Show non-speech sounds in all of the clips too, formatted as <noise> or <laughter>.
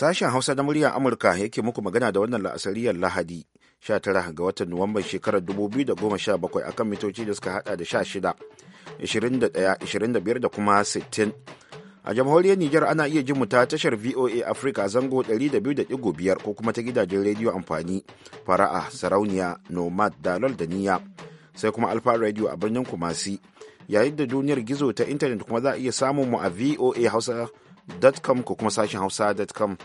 Sashen Hausa na muryar Amurka yake muku magana da wannan la'asariyar Lahadi 19 ga watan Nuwamban shekarar 2017 akan mitoci da suka hada da 16, 21, 25 da kuma 60. A jamhuriyar Nijar ana iya jin mu ta tashar VOA Africa zango 200.5 ko kuma ta gidajen rediyo amfani fara'a sarauniya nomad dalol da niyya sai kuma alfa radio a birnin kumasi yayin da duniyar gizo ta intanet kuma za a iya samun mu a voa hausa. hausa.com ko kuma sashen hausa.com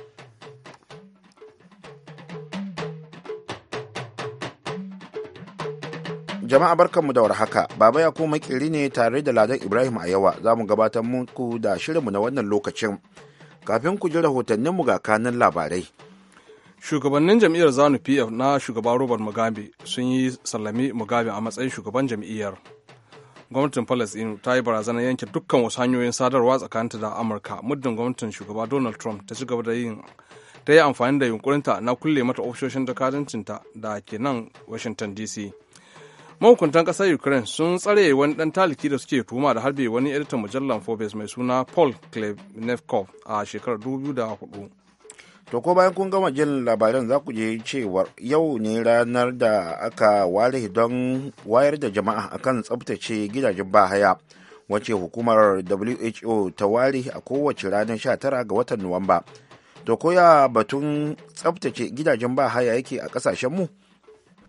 jama'a barkanmu da warhaka baba ya kuma makiri ne tare da ladan ibrahim a yawa za mu gabatar muku da shirinmu na wannan lokacin kafin ku ji rahotanninmu ga kanan labarai shugabannin jam'iyyar zanu pf na shugaba robert mugabe sun yi sallami mugabe a matsayin shugaban jam'iyyar gwamnatin palestine ta yi barazanar yanke dukkan wasu hanyoyin sadarwa tsakaninta da amurka muddin gwamnatin shugaba donald trump ta ci gaba da yin ta yi amfani da yunkurinta na kulle mata ofishoshin jakadancinta da ke nan washington dc mahukuntan kasar ukraine sun tsare wani dan taliki da suke tuma da harbe wani editan mujallar forbes mai suna paul klebnikov a shekarar 2004 To ko bayan kun gama jin labaran za ku je cewar yau ne ranar da aka ware don wayar da jama'a akan tsabtace gidajen bahaya wace hukumar WHO ta ware a kowace ranar tara ga watan Nuwamba. To koya batun tsabtace gidajen bahaya yake a kasashen mu?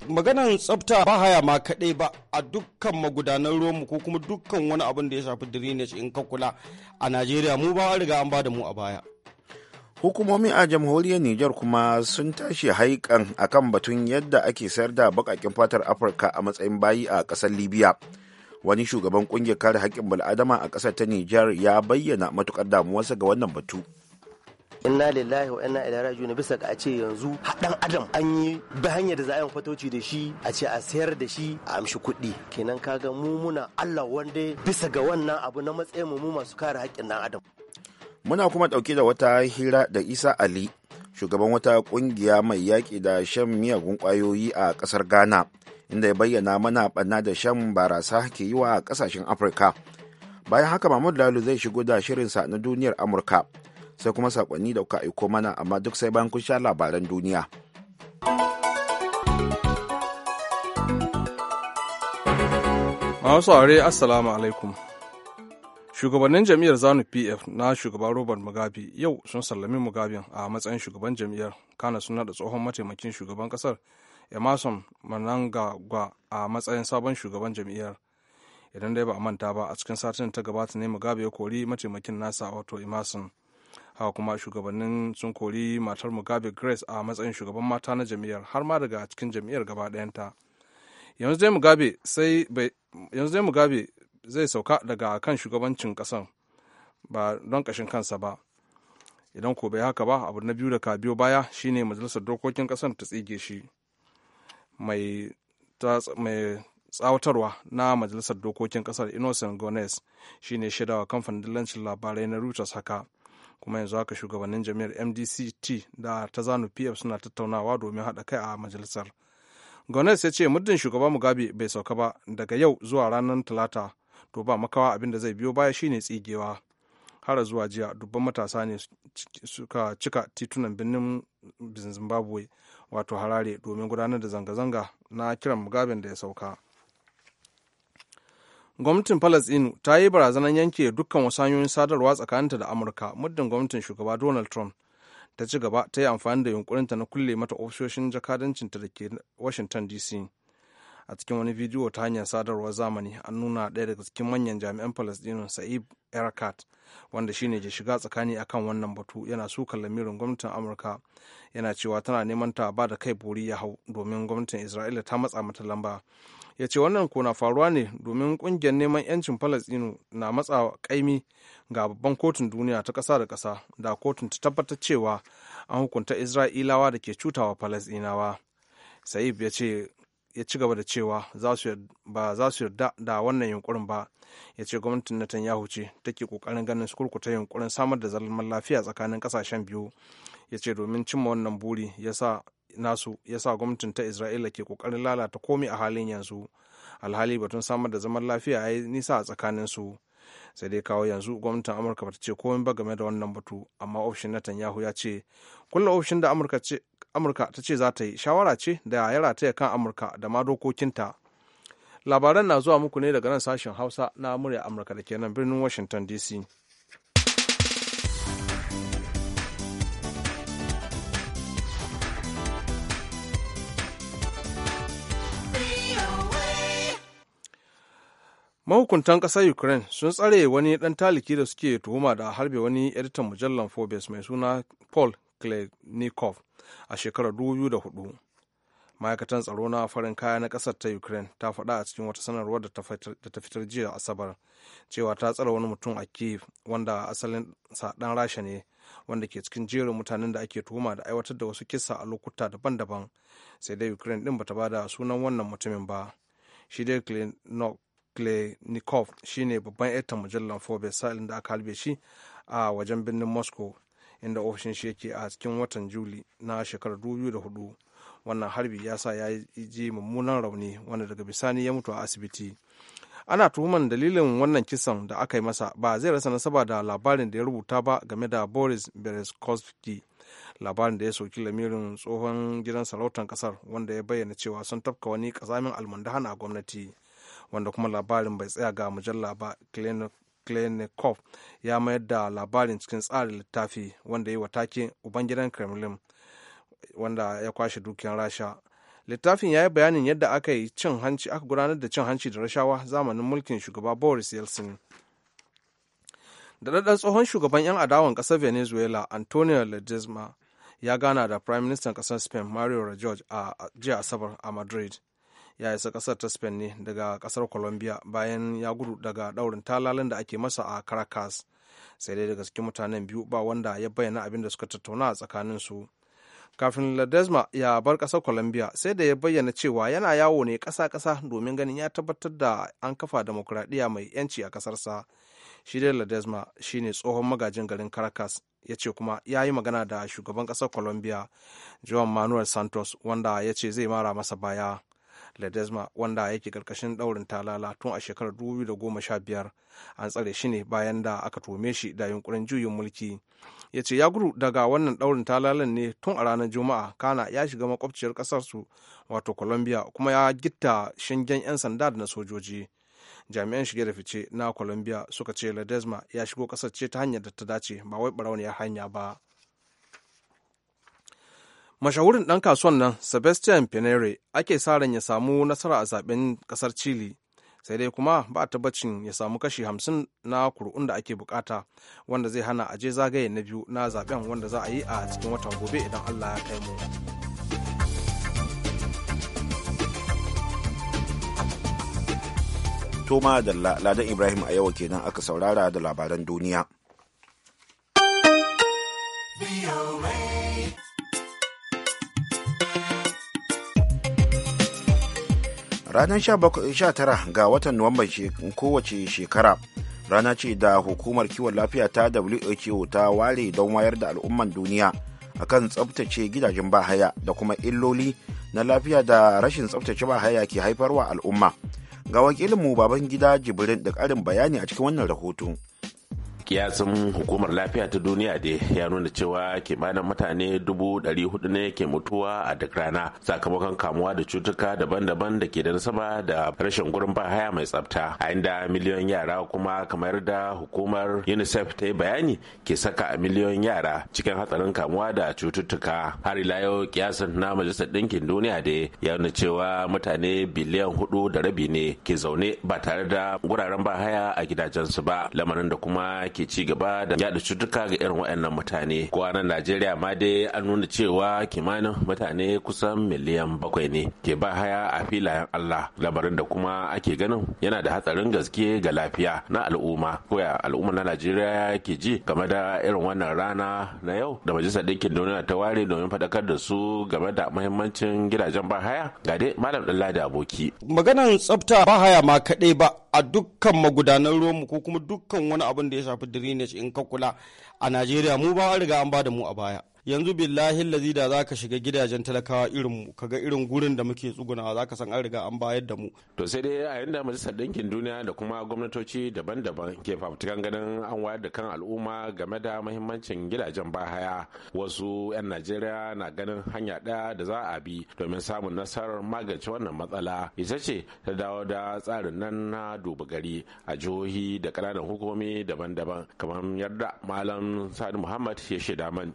maganan tsafta ba haya ma kaɗai ba a dukkan magudanan ruwanmu ko kuma dukkan wani abin da ya shafi drainage in ka kula a najeriya mu ba riga an ba da mu a baya hukumomi a jamhuriyar niger kuma sun tashi haikan akan batun yadda ake sayar da bakakin fatar afirka a matsayin bayi a ƙasar libya wani shugaban kungiyar kare haƙƙin bal'adama a ƙasar ta niger ya bayyana matukar damuwarsa ga wannan batu inna lillahi wa inna ilaihi raji'un bisa ga a ce yanzu dan adam an yi bi hanyar da za a yi fatoci da shi a ce a sayar da shi a amshi kuɗi kenan kaga mu muna Allah wanda bisa ga wannan abu na matsayin mu masu kare haƙƙin dan adam muna kuma ɗauke da wata hira da isa ali shugaban wata ƙungiya mai yaƙi da shan miyagun ƙwayoyi a ƙasar ghana inda ya bayyana mana ɓanna da shan barasa ke yi wa ƙasashen afirka bayan haka mahmud lalu zai shigo da shirinsa na duniyar amurka sai kuma sakonni da kuka aiko mana amma duk sai bayan kun sha labaran duniya wasu are assalamu alaikum shugabannin jam'iyyar zanu pf na shugaban robert mugabe yau sun sallami mugabe a matsayin shugaban jam'iyyar kana suna da tsohon mataimakin shugaban kasar emerson manangagwa a matsayin sabon shugaban jam'iyyar idan dai ba a manta ba a cikin satin ta gabata ne mugabe ya kori mataimakin nasa wato emerson haka kuma shugabannin sun kori matar mugabe grace a matsayin shugaban mata na jam'iyyar har ma daga cikin jam'iyyar gaba ɗayanta yanzu dai mugabe sai yanzu dai mugabe zai sauka daga kan shugabancin kasan ba don kashin kansa ba idan ko bai haka ba abu na biyu da ka biyo baya shine majalisar dokokin kasan ta tsige shi mai tsawatarwa na majalisar dokokin kasar innocent gones shine shaidawa kamfanin dillancin labarai na reuters haka kuma yanzu haka shugabannin jami'ar mdct da ta zanu pf suna tattaunawa domin haɗa kai a majalisar gones ya ce muddin shugaba mugabe bai sauka ba daga yau zuwa ranar talata to ba makawa abin da zai biyo baya shine tsigewa har zuwa jiya dubban matasa ne suka cika titunan birnin zimbabwe wato harare domin gudanar da zanga-zanga na kiran mugaben da ya sauka gwamnatin palestinu ta yi barazanar yanke dukkan wasu hanyoyin sadarwa tsakaninta da amurka muddin gwamnatin shugaba donald trump ta ci gaba ta yi amfani da yunkurinta na kulle mata ofishoshin jakadancinta da ke washington dc a cikin wani bidiyo ta hanyar sadarwar zamani an nuna ɗaya daga cikin manyan jami'an palestino sa'ib erakat wanda shine ke shiga tsakani akan wannan batu yana sukan lamirin gwamnatin amurka yana cewa tana neman ta ba da kai bori ya hau domin gwamnatin isra'ila ta matsa mata lamba ya ce wannan ko na faruwa ne domin kungiyar neman yancin palestino na matsa kaimi ga babban kotun duniya ta ƙasa da ƙasa da kotun ta tabbatar cewa an hukunta isra'ilawa da ke cutawa palestinawa sa'ib ya ce ya ci gaba da cewa ba za su yarda da wannan yunkurin ba ya ce gwamnatin netanyahu ce take kokarin ganin su kurkuta yunkurin samar da zalman lafiya tsakanin kasashen biyu ya ce domin cimma wannan buri ya sa nasu ya sa gwamnatin ta isra'ila ke kokarin lalata komi a halin yanzu alhali batun samar da zaman lafiya ya yi nisa a tsakanin su sai dai kawo yanzu gwamnatin amurka ta ce komai ba game da wannan batu amma ofishin netanyahu ya ce kullum ofishin da amurka ta ce za ta yi shawara ce da ya rataya kan amurka da ma dokokinta labaran na zuwa muku ne daga nan sashen hausa na murya amurka da ke nan birnin washington dc mahukuntan ƙasar ukraine sun tsare wani ɗan taliki da suke tuhuma da harbe wani editan mujallar forbes mai suna paul klenikov a shekarar 2004 ma'aikatan tsaro na farin kaya na ƙasar ta ukraine ta faɗa a cikin wata sanarwar da ta fitar jiya asabar cewa ta tsare wani mutum a kiev wanda asalin sa ɗan rasha ne wanda ke cikin jerin mutanen da ake tuhuma da aiwatar da wasu kisa a lokuta daban-daban sai dai ukraine ɗin bata bada sunan wannan mutumin ba shi dai klenikov ne babban editan mujallar forbes sa'ilin da aka halbe shi a wajen birnin moscow inda ofishin shi yake a cikin watan juli na shekarar 2004 wannan harbi ya sa ya ji mummunan rauni wanda daga bisani ya mutu a asibiti ana tuhuman dalilin wannan kisan da aka yi masa ba zai rasa nasaba da labarin da ya rubuta ba game da boris bereskovsky labarin da ya soki lamirin tsohon gidan sarautar kasar wanda ya bayyana cewa sun tafka wani kasamin almundahan a gwamnati wanda kuma labarin bai tsaya ga mujalla ba klenikov ya mayar da labarin cikin tsarin littafi wanda ya yi take ubangidan kremlin wanda ya kwashe dukiyar rasha littafin ya yi bayanin yadda aka yi cin hanci aka gudanar da cin hanci da rashawa zamanin mulkin shugaba boris yeltsin daɗaɗɗen tsohon shugaban 'yan adawan ƙasar venezuela antonio ledesma ya gana da prime minister ƙasar spain mario rajoy a jiya asabar a madrid ya isa kasar ta spain ne daga kasar colombia bayan ya gudu daga daurin talalin da ake masa a caracas sai dai daga cikin mutanen biyu ba wanda ya bayyana abin da suka tattauna a tsakanin su kafin ledesma ya bar kasar colombia sai da ya bayyana cewa yana yawo ne kasa-kasa domin ganin ya tabbatar da an kafa demokuraɗiyya mai yanci a kasarsa shi dai ledesma shine tsohon magajin garin caracas ya ce kuma ya yi magana da shugaban kasar colombia juan manuel santos wanda ya ce zai mara masa baya ledesma wanda yake karkashin daurin talala tun a shekarar 2015 an tsare shi ne bayan da aka tume shi da yunkurin juyin mulki ya ce ya gudu daga wannan daurin talalan ne tun a ranar juma'a kana ya shiga makwabciyar kasarsu wato colombia kuma ya gitta shingen 'yan sanda da na sojoji jami'an shige da fice na colombia suka ce ledesma ya shigo kasar ce ta hanyar da ta dace ba wai ya hanya ba mashahurin ɗan kasuwan nan sebastian pinere ake sa ran ya samu nasara a zaben ƙasar chile sai dai kuma ba a tabbacin ya samu kashi hamsin na kur'un da ake bukata wanda zai hana aje zagaye na biyu na zaben wanda za a yi a cikin watan gobe idan allah ya kai mu toma da ladan ibrahim a yau kenan aka saurara da labaran duniya. ranar 19 ga watan nuwamban kowace shekara rana ce da hukumar kiwon lafiya ta who ta ware don wayar da al'umman duniya akan tsabtace gidajen bahaya da kuma illoli na lafiya da rashin tsabtace bahaya ke haifarwa al'umma ga wakilinmu baban gida jibrin da karin bayani a cikin wannan rahoto. kiyasin hukumar lafiya ta duniya da ya nuna cewa kimanin mutane dubu ɗari hudu ne ke mutuwa a duk rana sakamakon kamuwa da cutuka daban-daban da ke da nasaba da rashin gurin ba haya mai tsafta a inda miliyon yara kuma kamar da hukumar unicef ta yi bayani ke saka a miliyon yara cikin hatsarin kamuwa da cututtuka har ila yau kiyasin na majalisar ɗinkin duniya da ya nuna cewa mutane biliyan hudu da rabi ne ke zaune ba tare da guraren ba haya a gidajensu ba lamarin da kuma ke ci gaba da yada cutuka ga irin waɗannan mutane ko a nan najeriya ma dai an nuna cewa kimanin mutane kusan miliyan bakwai ne ke ba haya a filayen allah labarin da kuma ake ganin yana da hatsarin gaske ga lafiya na al'umma ko ya al'umma na najeriya ke ji game da irin wannan rana na yau da majalisar ɗinkin duniya ta ware domin faɗakar da su game da mahimmancin gidajen ba haya ga dai malam ɗan da aboki maganan tsafta ba haya ma kaɗai ba a dukkan magudanan ruwanmu ko kuma dukkan wani abin da ya shafi shafi drainage in ka kula a Najeriya mu ba an riga an ba da mu a baya yanzu billahi lazi da za ka shiga gidajen talakawa irin mu kaga irin gurin da muke tsugunawa za ka san an riga an bayar da mu. to sai dai a yanda majalisar ɗinkin duniya da kuma gwamnatoci daban-daban ke fafutukan ganin an wayar da kan al'umma game da mahimmancin gidajen bahaya wasu 'yan najeriya na ganin hanya ɗaya da za a bi domin samun nasarar magance wannan matsala ita ce ta dawo da tsarin nan na duba gari a jihohi da ƙananan hukumomi daban-daban kamar yadda malam sani muhammad ya shaida man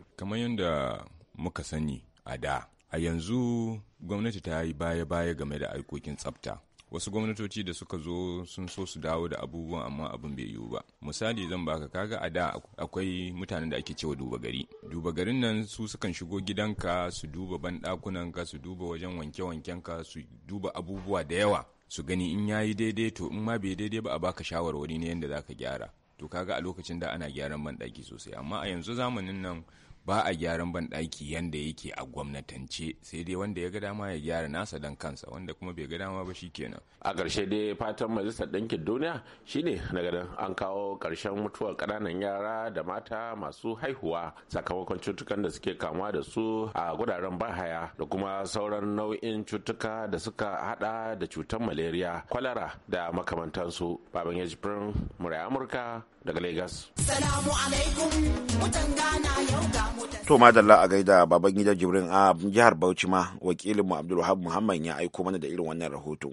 da muka sani a da a yanzu gwamnati ta yi baya-baya game da aikokin tsafta wasu gwamnatoci da suka zo sun so su dawo da abubuwan amma abin bai yiwu ba misali zan baka kaga a da akwai mutanen da ake cewa duba gari duba garin nan su sukan shigo gidanka su duba banɗakunan ka su duba wajen wanke-wanken ka su duba abubuwa da yawa su gani in yayi daidai to in ma bai daidai ba a baka shawarwari ne yadda ka gyara to kaga a lokacin da ana gyaran banɗaki sosai amma a yanzu zamanin nan ba a gyaran banɗaki yanda yake a gwamnatance sai dai wanda ya ga dama ya gyara nasa dan kansa wanda kuma bai ga dama ba shikenan a ƙarshe dai fatan majalisar ɗinkin duniya shine na ganin an kawo ƙarshen mutuwar ƙananan yara da mata masu haihuwa sakamakon cutukan da suke kamuwa da su a guraren bahaya da kuma sauran nau'in cutuka da suka hada da cutar malaria kwalara da makamantansu baban ya firin murai amurka daga lagos salamu alaikum mutan gana yau to madalla a gaida baban gidan jibrin a jihar bauchi ma wakilinmu abdulwahab muhammad ya aiko mana da irin wannan rahoto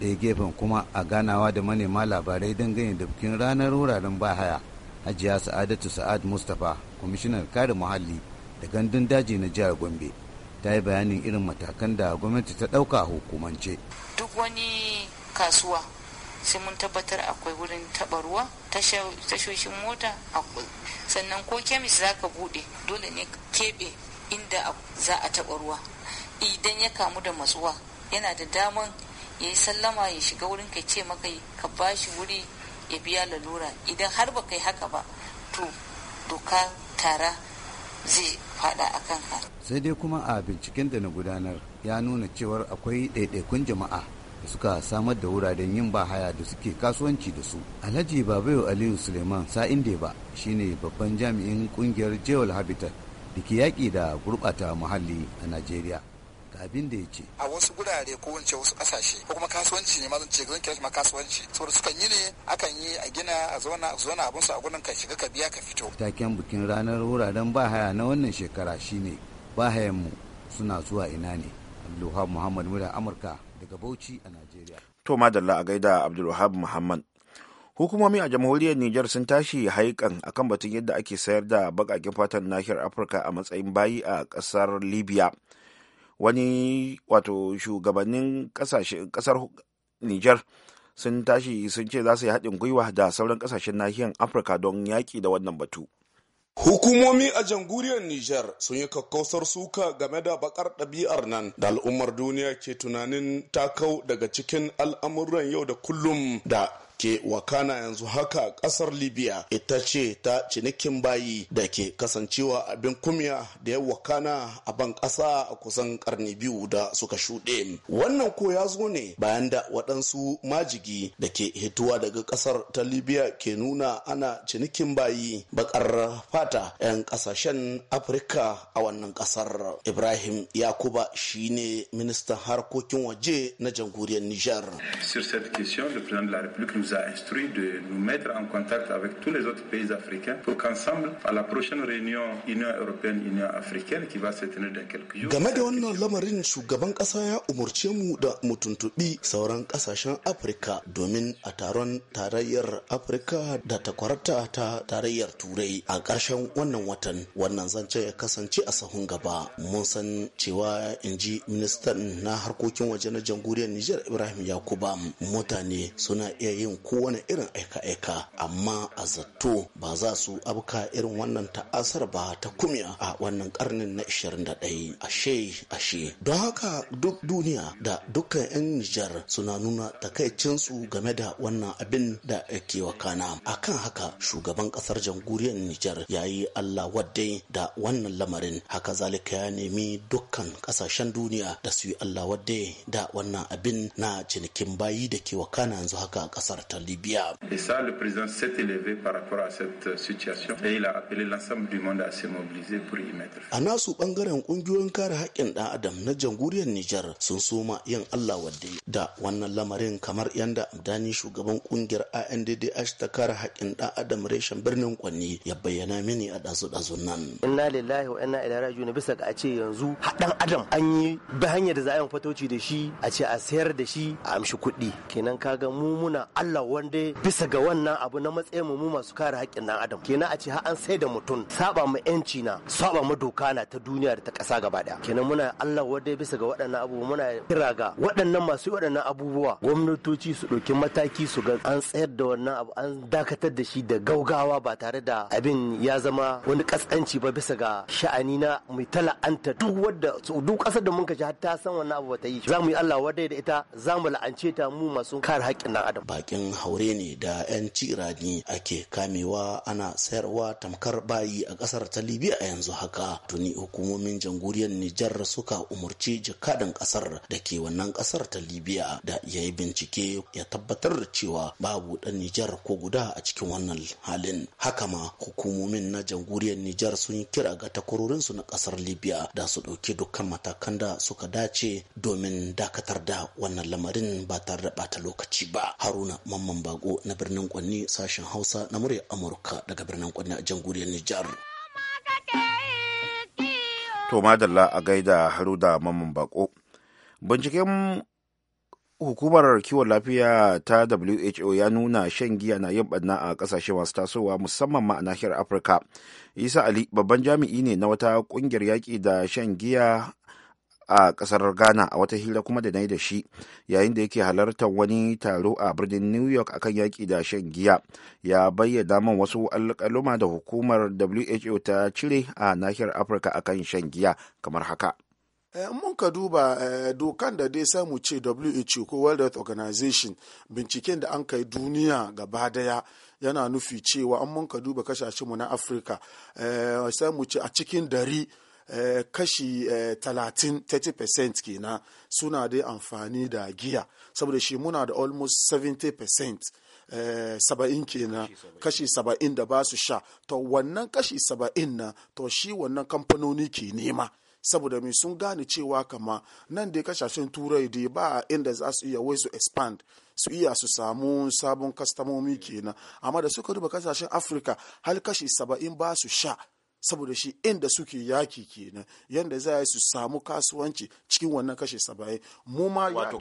ɗaya gefen kuma a ganawa da manema labarai don da bikin ranar wuraren bahaya hajiya sa'adatu sa'ad mustapha kwamishinar kare muhalli da gandun daji na jihar gombe ta yi bayanin irin matakan da gwamnati ta ɗauka hukumance duk wani kasuwa sai mun tabbatar akwai wurin taɓa ruwa tashoshin mota akwai sannan ko kemis za ka buɗe dole ne keɓe inda za a taɓa ruwa idan ya kamu da matsuwa yana da daman ya yi sallama ya shiga wurin ka ce maka ka ba shi wuri ya biya lalura idan har ba kai haka ba to doka tara zai fada a kanka sai dai kuma a binciken da na gudanar ya nuna cewar akwai ɗaiɗaikun jama'a da suka samar da wuraren yin bahaya da suke kasuwanci da su alhaji babayo aliyu suleiman sa'inde ba shine babban jami'in kungiyar jewel habitat da ke yaƙi da gurɓata muhalli a najeriya ga abin da ya ce a wasu gurare ko wance wasu kasashe ko kuma kasuwanci ne ma zan ce zan kira shi ma kasuwanci saboda sukan yi ne akan yi a gina a zauna a zauna abun su a gurin ka shiga ka biya ka fito taken bikin ranar wuraren bahaya na wannan shekara shine bahayan mu suna zuwa ina ne Abdulhamu Muhammad Mura Amurka daga Bauchi a Najeriya. To madalla a gaida Abdulwahab Muhammad. Hukumomi a jamhuriyar Nijar sun tashi haikan akan batun yadda ake sayar da bakakin fatan nahiyar Afirka a matsayin bayi a ƙasar Libya. Wani wato shugabannin ƙasar Nijar sun tashi sun ce za su yi haɗin gwiwa da sauran kasashen nahiyar Afirka don yaƙi da wannan batu. Hukumomi a jamhuriyar Nijar sun yi kakkausar suka game da bakar ɗabi'ar nan da al'ummar duniya ke tunanin takau daga cikin al'amuran yau da kullum da ke wakana yanzu haka kasar libya ita ce ta cinikin bayi da ke kasancewa abin kumya da ya wakana a ban kasa a kusan karni biyu da suka shuɗe wannan ko ya zo ne bayan da waɗansu majigi da ke hituwa daga kasar ta libya ke nuna ana cinikin bayi bakar fata 'yan kasashen afirka a wannan kasar ibrahim yakuba shine ministan harkokin waje na jamhuriyar nijar nous a instruit de nous mettre en contact avec tous les autres pays africains pour qu'ensemble, à la prochaine réunion Union européenne-Union africaine qui va se tenir dans quelques jours. Game da wannan lamarin shugaban kasa ya umarce mu da mu tuntuɓi sauran kasashen Afirka domin a taron tarayyar Afirka da takwarata ta tarayyar Turai a ƙarshen wannan watan wannan zance ya kasance a sahun gaba. Mun san cewa in ministan na harkokin waje na jamhuriyar niger Ibrahim Yakuba mutane suna iya yin kowane irin aika-aika amma a zato ba za su abka irin wannan ta'asar ba ta kumya a wannan karnin na 21 ashe ashe don haka duk duniya da dukkan 'yan nijar suna nuna takaicinsu game da wannan abin da ke wakana a kan haka shugaban kasar jamhuriyar nijar ya yi allah wadai da wannan lamarin haka zalika ya nemi dukkan kasashen duniya da su yi allah wadai da wannan abin na cinikin bayi da ke wakana yanzu haka a kasar combattants libyens. Et ça, le président s'est élevé par rapport à cette situation et il a appelé l'ensemble du monde à se mobiliser pour y mettre. A nasu bangaren ƙungiyoyin kare haƙƙin ɗan adam na jamhuriyar Nijar sun soma yin Allah wadde da wannan lamarin kamar yanda amdani shugaban ƙungiyar ANDDH ta kare haƙƙin ɗan adam reshen birnin Kwanni ya bayyana mini a ɗazu-ɗazun nan. Inna lillahi wa inna ilaihi raji'un bisa ga a ce yanzu haɗan adam an yi bi hanyar da za a yi fatoci da shi a ce a sayar da shi a amshi kuɗi kenan kaga mu muna Allah Allah wanda bisa ga wannan abu na matsayin mu masu kare haƙƙin ɗan adam kenan a ce har an sai da mutum saba mu yanci na saba mu doka na ta duniya da ta ƙasa gaba ɗaya kenan muna Allah wanda bisa ga waɗannan abubuwa muna kira ga waɗannan masu waɗannan abubuwa gwamnatoci su ɗauki mataki su ga an tsayar da wannan abu an dakatar da shi da gaugawa ba tare da abin ya zama wani ƙasƙanci ba bisa ga sha'ani na mai tala'anta duk wadda duk ƙasar da mun ka ji har ta san wannan abu ba ta yi za mu yi Allah wanda da ita za mu la'ance ta mu masu kare haƙƙin ɗan adam bakin haure ne da 'yan cirani ake kamewa ana sayarwa tamkar bayi a kasar ta libya a yanzu haka tuni hukumomin jamhuriyar nijar suka umarci jakadan kasar da ke wannan kasar ta libya da ya yi bincike ya tabbatar da cewa babu dan nijar ko guda a cikin wannan halin haka ma hukumomin na janguriyar nijar sun yi kira ga su na kasar libya da su ɗauki dukkan matakan da suka dace domin dakatar da wannan lamarin ba tare da bata lokaci ba haruna Mamman Bako na birnin Kwanni sashen Hausa na murya Amurka daga birnin Kwanni a jamhuriyar Nijar. To madalla a gaida da Mamman Bako. Binciken hukumar kiwon lafiya ta WHO ya nuna shan giya na yin barna a kasashe masu tasowa musamman ma a nahiyar Afirka. Isa Ali babban jami'i ne na wata kungiyar yaƙi da shan giya a kasar ghana a wata hira kuma da na yi da shi yayin da yake halartar wani taro a birnin new york akan yaki da shan giya ya bayyana man wasu alƙaluma da hukumar who ta cire a nahiyar afirka akan shan giya kamar haka eh, mun ka duba eh, dokan da dai samu ce who ko world health organization binciken da an kai duniya gaba daya yana nufi cewa an mun ka duba mu na afirka eh, samu ce a cikin dari Eh, kashi 30 eh, 30% kenan suna dai amfani da giya saboda shi muna da almost 70% eh, saba'in kenan kashi saba'in da ba su sha to wannan kashi saba'in na to shi wannan kamfanoni ke nema saboda mai sun gane cewa kama nan dai kashashen turai da ba inda za su iya wai su expand su iya su samu sabon kastamomi kenan amma da suka duba kasashen afirka har kashi saba'in ba su sha saboda shi inda suke yaki kenan yanda za su samu kasuwanci cikin wannan kashe saba'in wato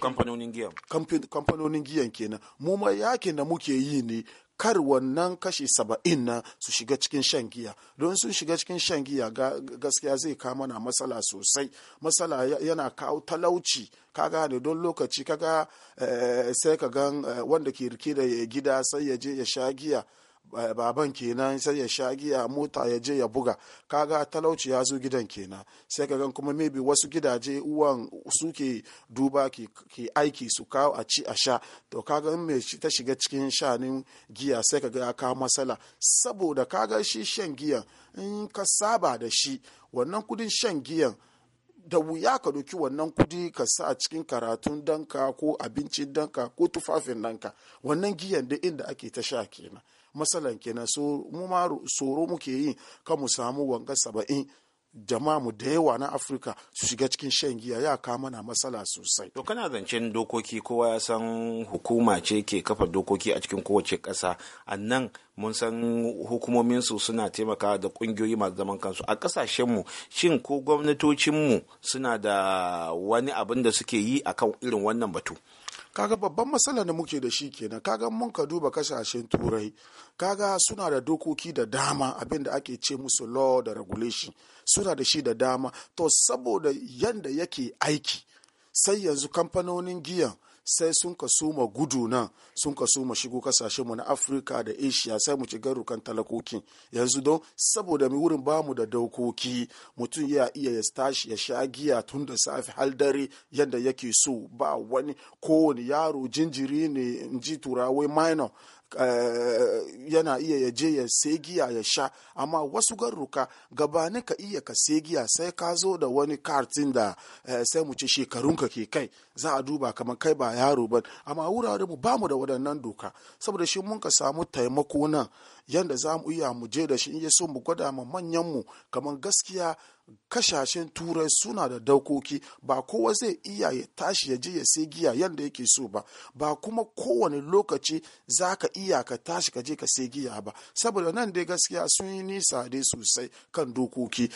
kamfanonin giyan kenan mu ma yakin da muke yi ne kar wannan kashe saba'in na su shiga cikin shan giya don sun shiga cikin shan giya gaskiya zai kama na matsala sosai matsala yana kawo talauci ka gane don lokaci kaga eh, sai ka gan eh, wanda ke rike da gida sai ya je ya sha giya baban kenan sai ya sha giya mota ya je ya buga kaga talauci ya zo gidan kenan sai ka gan kuma maybe wasu gidaje uwan suke duba ke aiki su kawo a ci a sha to kaga in mai ta shiga cikin shanin giya sai ka ga ya kawo matsala saboda kaga shi shan giyan in ka saba da shi wannan kudin shan giyan da wuya ka doki wannan kudi ka sa a cikin karatun danka ko abincin danka ko tufafin danka wannan giyan da inda ake ta sha kenan matsalan kenan so mu ma tsoro muke yi kan mu samu wanga saba'in jama'a mu da yawa na afirka su shiga cikin shan giya ya kama na matsala sosai to kana zancen dokoki kowa ya san hukuma ce ke kafa dokoki a cikin kowace ƙasa a nan mun san hukumominsu suna taimaka da ƙungiyoyi masu zaman kansu a ƙasashenmu shin ko gwamnatocinmu suna da wani abin da suke yi akan irin wannan batu kaga babban matsala da muke da shi kenan kaga mun ka duba kasashen turai kaga suna da dokoki da dama abinda da ake ce musu law da regulation suna da shi da dama to saboda yanda yake aiki sai yanzu kamfanonin giyan sai sun ka suma gudu nan sun ka suma shigo kasashenmu na afirka da asia sai mu ci garukan talakokin yanzu don saboda mu wurin bamu da daukoki mutum ya iya ya tashi ya sha giya tun da safe hal dare yadda yake so ba wani kowane yaro jinjiri ne in ji turawai minor Eh, yana iya ya je ya sai giya ya sha amma wasu garruka gabanin ka iya ka sai giya sai ka zo da wani kartin da eh, sai mu ce shekarunka ke kai za a duba kamar kai ba yaro ba amma wurare mu ba mu da waɗannan doka saboda shi mun ka samu taimako nan yanda za mu iya mu je da shi in ya so mu gwada ma manyan mu kamar gaskiya kashashen turai suna da daukoki ba kowa zai iya ya tashi ya je ya sai giya yadda yake so ba ba kuma kowane lokaci za ka iya ka tashi ka je ka sai giya ba saboda nan dai gaskiya sun yi nisa dai sosai kan dokoki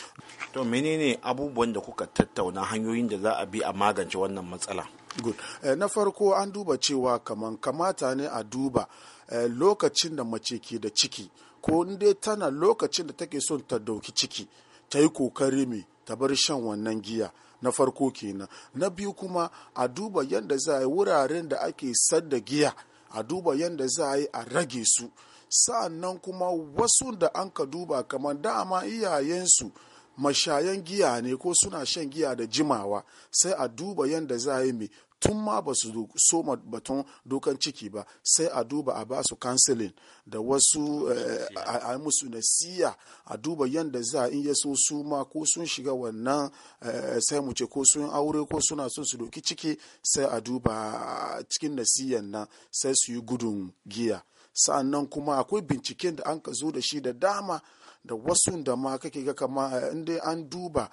to menene abubuwan da kuka tattauna hanyoyin da za a bi a magance wannan matsala good eh, na farko an duba cewa kaman kamata ne a duba eh, lokacin da mace ke da ciki ko dai tana lokacin da take son ta dauki ciki ta yi kokari mai ta bar shan wannan giya na farko kenan na biyu kuma a duba yadda za a yi wuraren da ake sadda giya a duba yadda za a yi a rage su sannan kuma wasu da an ka duba kamar dama iyayensu mashayan giya ne ko suna shan giya da jimawa sai a duba yadda za a yi mai tun ma ba su soma batun dokan ciki ba sai a duba a ba su kansilin da wasu eh, a musu nasiya a duba yadda za a iya so su ma ko sun shiga wannan eh, sai mu ce ko sun aure ko suna son su doki ciki sai a duba cikin nasiyan nan sai su yi gudun giya sa'annan kuma akwai binciken da an ka zo da shi da dama da wasu da ma kake ga kama eh, inda an duba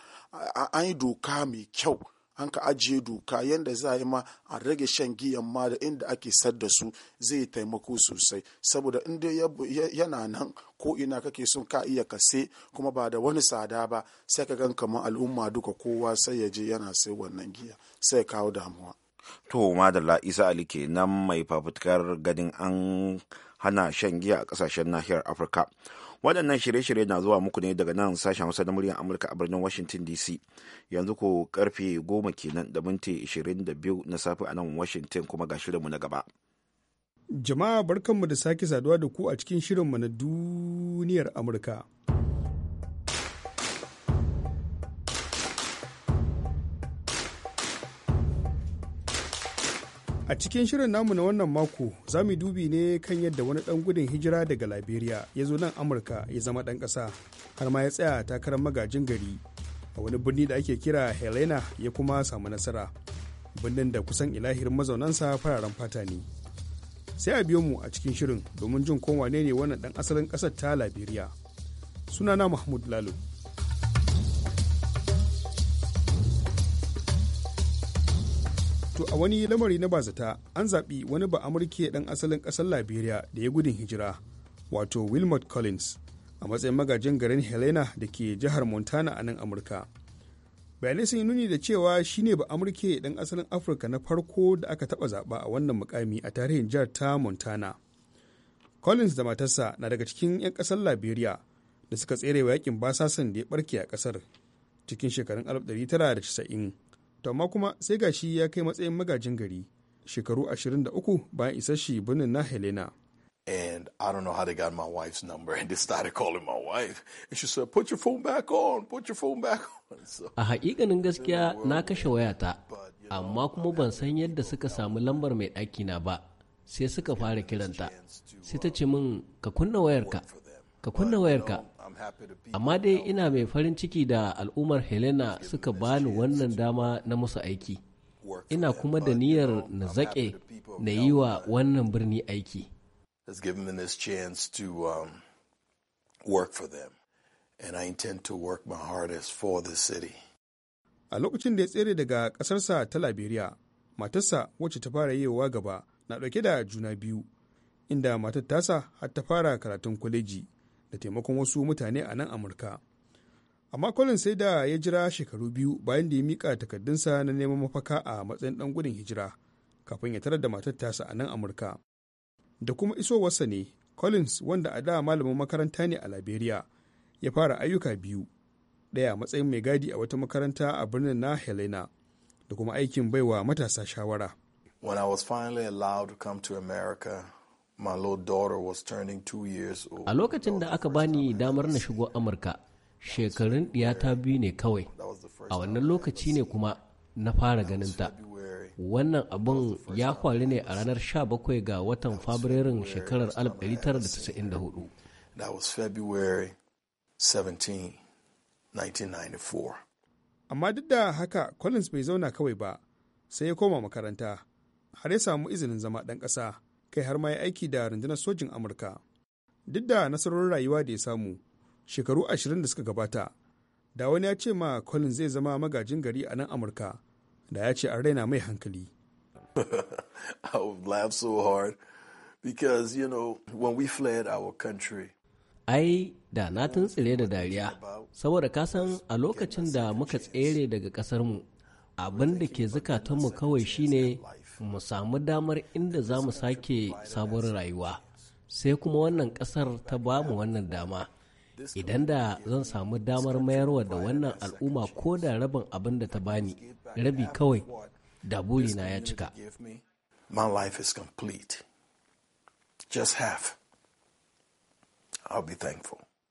an yi doka mai kyau an ka ajiye doka yadda za a yi ma a rage shan giyan ma da inda ake sad da su zai taimako sosai saboda inda yana nan ko ina kake son ka iya kase kuma ba da wani tsada ba sai ka gan kamar al'umma duka kowa sai ya je yana sai wannan giya sai kawo damuwa to da isa ali kenan mai fafutukar ganin an hana shan giya a kasashen nahiyar afirka waɗannan shirye-shirye na zuwa muku ne daga nan sashen hausa da muryar amurka a birnin washington dc yanzu ko karfe goma kenan da minti 22 na safe a nan washington kuma ga shirinmu na gaba jama'a barkanmu da sake saduwa da ku a cikin shirinmu na duniyar amurka A cikin shirin namu na wannan mako za mu dubi ne kan yadda wani ɗan gudun hijira daga Liberia ya zo nan Amurka ya zama ɗan ƙasa har ma ya tsaya takarar magajin gari a wani birni da ake kira Helena ya kuma samu nasara. Birnin da kusan ilahirin mazaunansa fararen fata ne. Sai a biyo mu a cikin shirin domin jin kowane ne wannan ɗan asalin ƙasar ta Liberia. Sunana Mahmud Lalo. To a wani lamari na bazata an zaɓi wani ba Amurke ɗan asalin ƙasar Liberia da ya gudun hijira wato Wilmot Collins a matsayin magajin garin Helena da ke jihar Montana a nan Amurka. Bayanai sun yi nuni da cewa shi ne ba Amurke ɗan asalin Afirka na farko da aka taɓa zaɓa a wannan mukami a tarihin jihar ta Montana. Collins da matarsa na daga cikin 'yan ƙasar Liberia da suka tsere wa yakin basasan da ya barke a ƙasar cikin shekarun 1990 to amma kuma sai ga shi ya kai matsayin magajin gari shekaru 23 bayan isar birnin na helena And I don't know how they got my wife's number, and they started calling my wife. And she said, "Put your phone back on. Put your phone back on." A haƙiƙanin gaskiya na kashe wayata, amma kuma ban san yadda suka samu lambar mai ɗaki na ba. Sai suka fara kiranta. Sai ta ce min, "Ka kunna wayarka, ka kunna wayarka." Amma dai ina mai farin ciki da al'ummar Helena suka bani wannan dama na musu aiki. Ina kuma da niyyar na zaƙe na yi wa wannan birni aiki. Um, a lokacin da ya tsere daga ƙasarsa ta liberia matarsa wacce ta fara yewa gaba na ɗauke da juna biyu inda matar tasa har ta fara karatun kwaleji da taimakon wasu mutane a nan amurka amma colin sai da ya jira shekaru biyu bayan da ya mika takardunsa na neman mafaka a matsayin ɗan gudun hijira kafin ya tarar da matar tasa a nan amurka da kuma isowarsa ne collins wanda a da malamin makaranta ne a liberia ya fara ayyuka biyu ɗaya matsayin mai gadi a wata makaranta a birnin na helena da kuma aikin baiwa matasa shawara when i was finally allowed to come to america A lokacin da aka bani damar na shigo Amurka, shekarun ta biyu ne kawai. A wannan lokaci ne kuma na fara ganin ta. Wannan abun ya faru ne a ranar 17 ga watan Fabrairun shekarar 1994. 1994. Amma duk da haka Collins bai zauna kawai ba, sai ya koma makaranta, har ya samu izinin zama ɗan ƙasa. kai har ma ya aiki da rundunar sojin amurka duk da nasarorin rayuwa da ya samu shekaru ashirin da suka gabata da wani ya ce ma collins zai zama magajin gari a nan amurka da ya ce an raina mai hankali <laughs> ai da na tsire da dariya saboda kasan a lokacin da muka tsere daga ƙasarmu abin da ke zukatanmu kawai shine mu samu damar inda za mu sake sabon rayuwa sai kuma wannan ƙasar ta ba mu wannan dama idan da zan samu damar mayarwa da wannan al'umma ko da rabin abin da ta bani rabi kawai da burina ya cika my is complete just half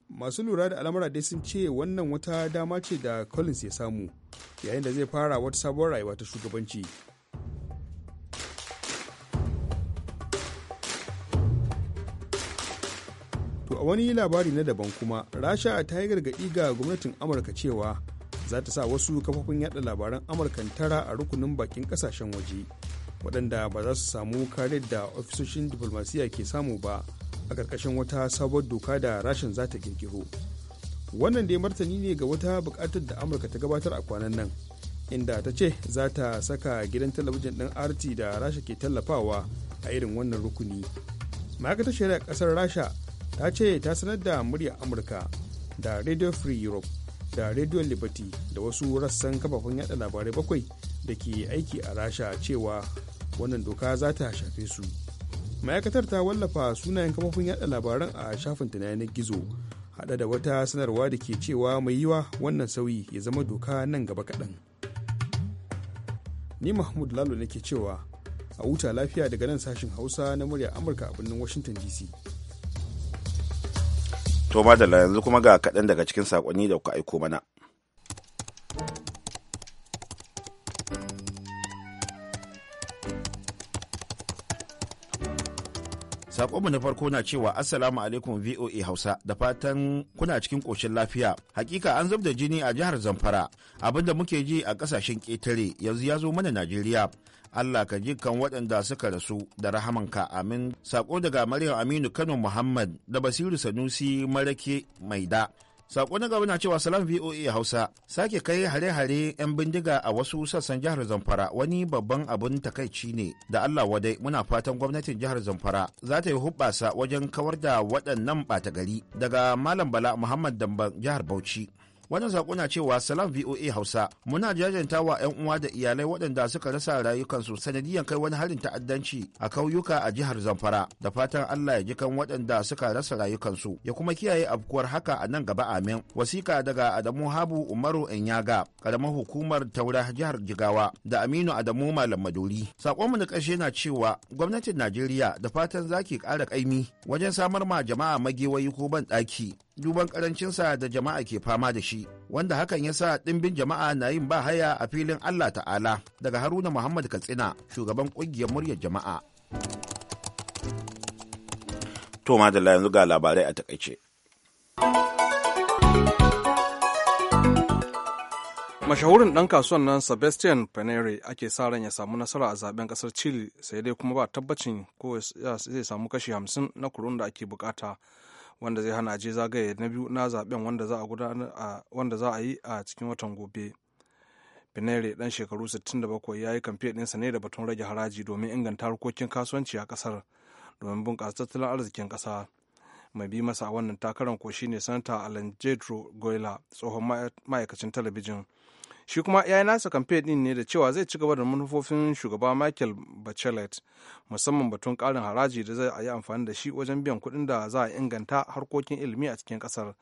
masu lura da al'amura dai sun ce wannan wata dama ce da collins ya samu yayin da zai fara wata sabuwar rayuwa ta shugabanci a wani labari na daban kuma, Rasha ta yi gargaɗi ga gwamnatin Amurka cewa za ta sa wasu kafofin yada labaran Amurka tara a rukunin bakin kasashen waje, waɗanda ba za su samu kariyar da ofisoshin diplomasiya ke samu ba a ƙarƙashin wata sabon doka da rashin za ta kirkiro. Wannan dai martani ne ga wata buƙatar da Amurka ta gabatar a kwanan nan, inda ta ce za ta saka gidan talabijin ɗin RT da Rasha ke tallafawa a irin wannan rukuni. Ma'aikatar shari'a ƙasar Rasha ta ce ta sanar da murya amurka da radio free europe da radio liberty da wasu rassan kafafen yada labarai bakwai da ke aiki a rasha cewa wannan doka za ta shafe su ma'aikatar ta wallafa sunayen kafofin yada labaran a shafinta na yanar gizo hada da wata sanarwa da ke cewa mai yiwa wannan sauyi ya zama doka nan gaba kaɗan ni mahmud lalo nake cewa a wuta lafiya daga nan sashin hausa na murya amurka a birnin washington dc To madalla yanzu kuma ga kaɗan daga cikin saƙonni da kuka aiko mana. saƙonmu na farko na cewa Assalamu alaikum VOA Hausa da fatan kuna cikin ƙoshin lafiya. Hakika an zub da jini a jihar Zamfara abinda muke ji a ƙasashen ƙetare yanzu ya zo mana Najeriya. Allah ka ji kan waɗanda suka rasu da rahaman ka amin Saƙo daga Maryam Aminu Kano Muhammad da Basiru Sanusi Marake Maida Saƙo na gaba na cewa salam voa hausa sake kai hare-hare 'yan bindiga a wasu sassan jihar zamfara wani babban abin takaici ne da allah wadai muna fatan gwamnatin jihar zamfara za ta yi hubbasa wajen kawar da waɗannan ɓata gari daga malam bala muhammad damban jihar bauchi wannan saƙo na cewa salam voa hausa muna jajanta wa 'yan uwa da iyalai waɗanda suka rasa rayukansu sanadiyan kai wani harin ta'addanci a kauyuka a jihar zamfara da fatan allah ya ji kan waɗanda suka rasa rayukansu ya kuma kiyaye afkuwar haka a nan gaba amin wasika daga adamu habu umaru yaga karamar hukumar taura jihar jigawa da aminu adamu malam maduri saƙonmu na ƙarshe na cewa gwamnatin najeriya da fatan zaki ƙara ƙaimi wajen samar ma jama'a magewayi ko ban ɗaki duban karancinsa da jama'a ke fama da shi wanda hakan ya sa ɗimbin jama'a na yin ba haya a filin Allah ta'ala daga Haruna Muhammad Katsina shugaban ƙungiyar muryar jama'a. To madalla yanzu ga labarai a takaice. Mashahurin ɗan kasuwan nan Sebastian Penere ake sa ran ya samu nasara a zaben ƙasar Chile sai dai kuma ba tabbacin ko zai samu kashi 50 na kurun da ake bukata. wanda zai hana je zagaye na biyu na zaben wanda za a yi a cikin watan gobe Benere dan shekaru 67 ya yi kamfe ɗinsa ne da batun rage haraji domin inganta harkokin kasuwanci a ƙasar domin bunƙasa tattalin arzikin ƙasa. Mai bi masa a wannan takarar ko shi ne Sanata Alan Jedro Goyla tsohon ma'aikacin talabijin shi kuma ya yi nasa kamfe din ne da cewa zai ci gaba da manufofin shugaba michael bachelet musamman batun karin haraji da zai yi amfani da shi wajen biyan kuɗin da za a inganta harkokin ilimi a cikin ƙasar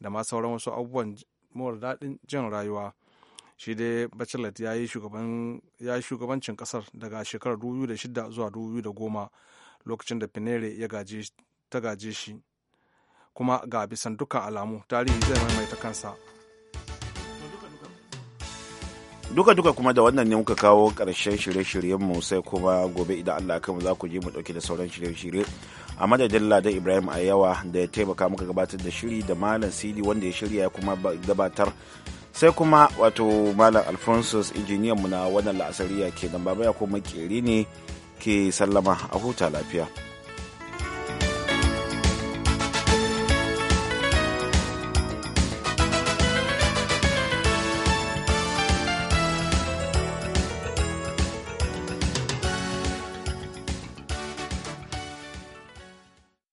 da ma sauran wasu abubuwan mawar daɗin jin rayuwa shi dai bachelet ya yi shugabancin ƙasar daga shekarar 2006 zuwa 2010 lokacin da pinere ya gaje ta gaje shi kuma ga bisan dukkan alamu tarihi zai maimaita kansa duka-duka kuma da wannan ne muka kawo ƙarshen shirye-shiryenmu sai kuma gobe idan allah mu za ku je mu ɗauki da sauran shirye-shirye a madadin ladan ibrahim a yawa da ya taimaka muka gabatar da shiri da malam sidi wanda ya shirya kuma gabatar sai kuma wato malam alphonsus mu na wannan la'asariya kenan baba ya kuma ƙeri ne ke sallama a huta lafiya.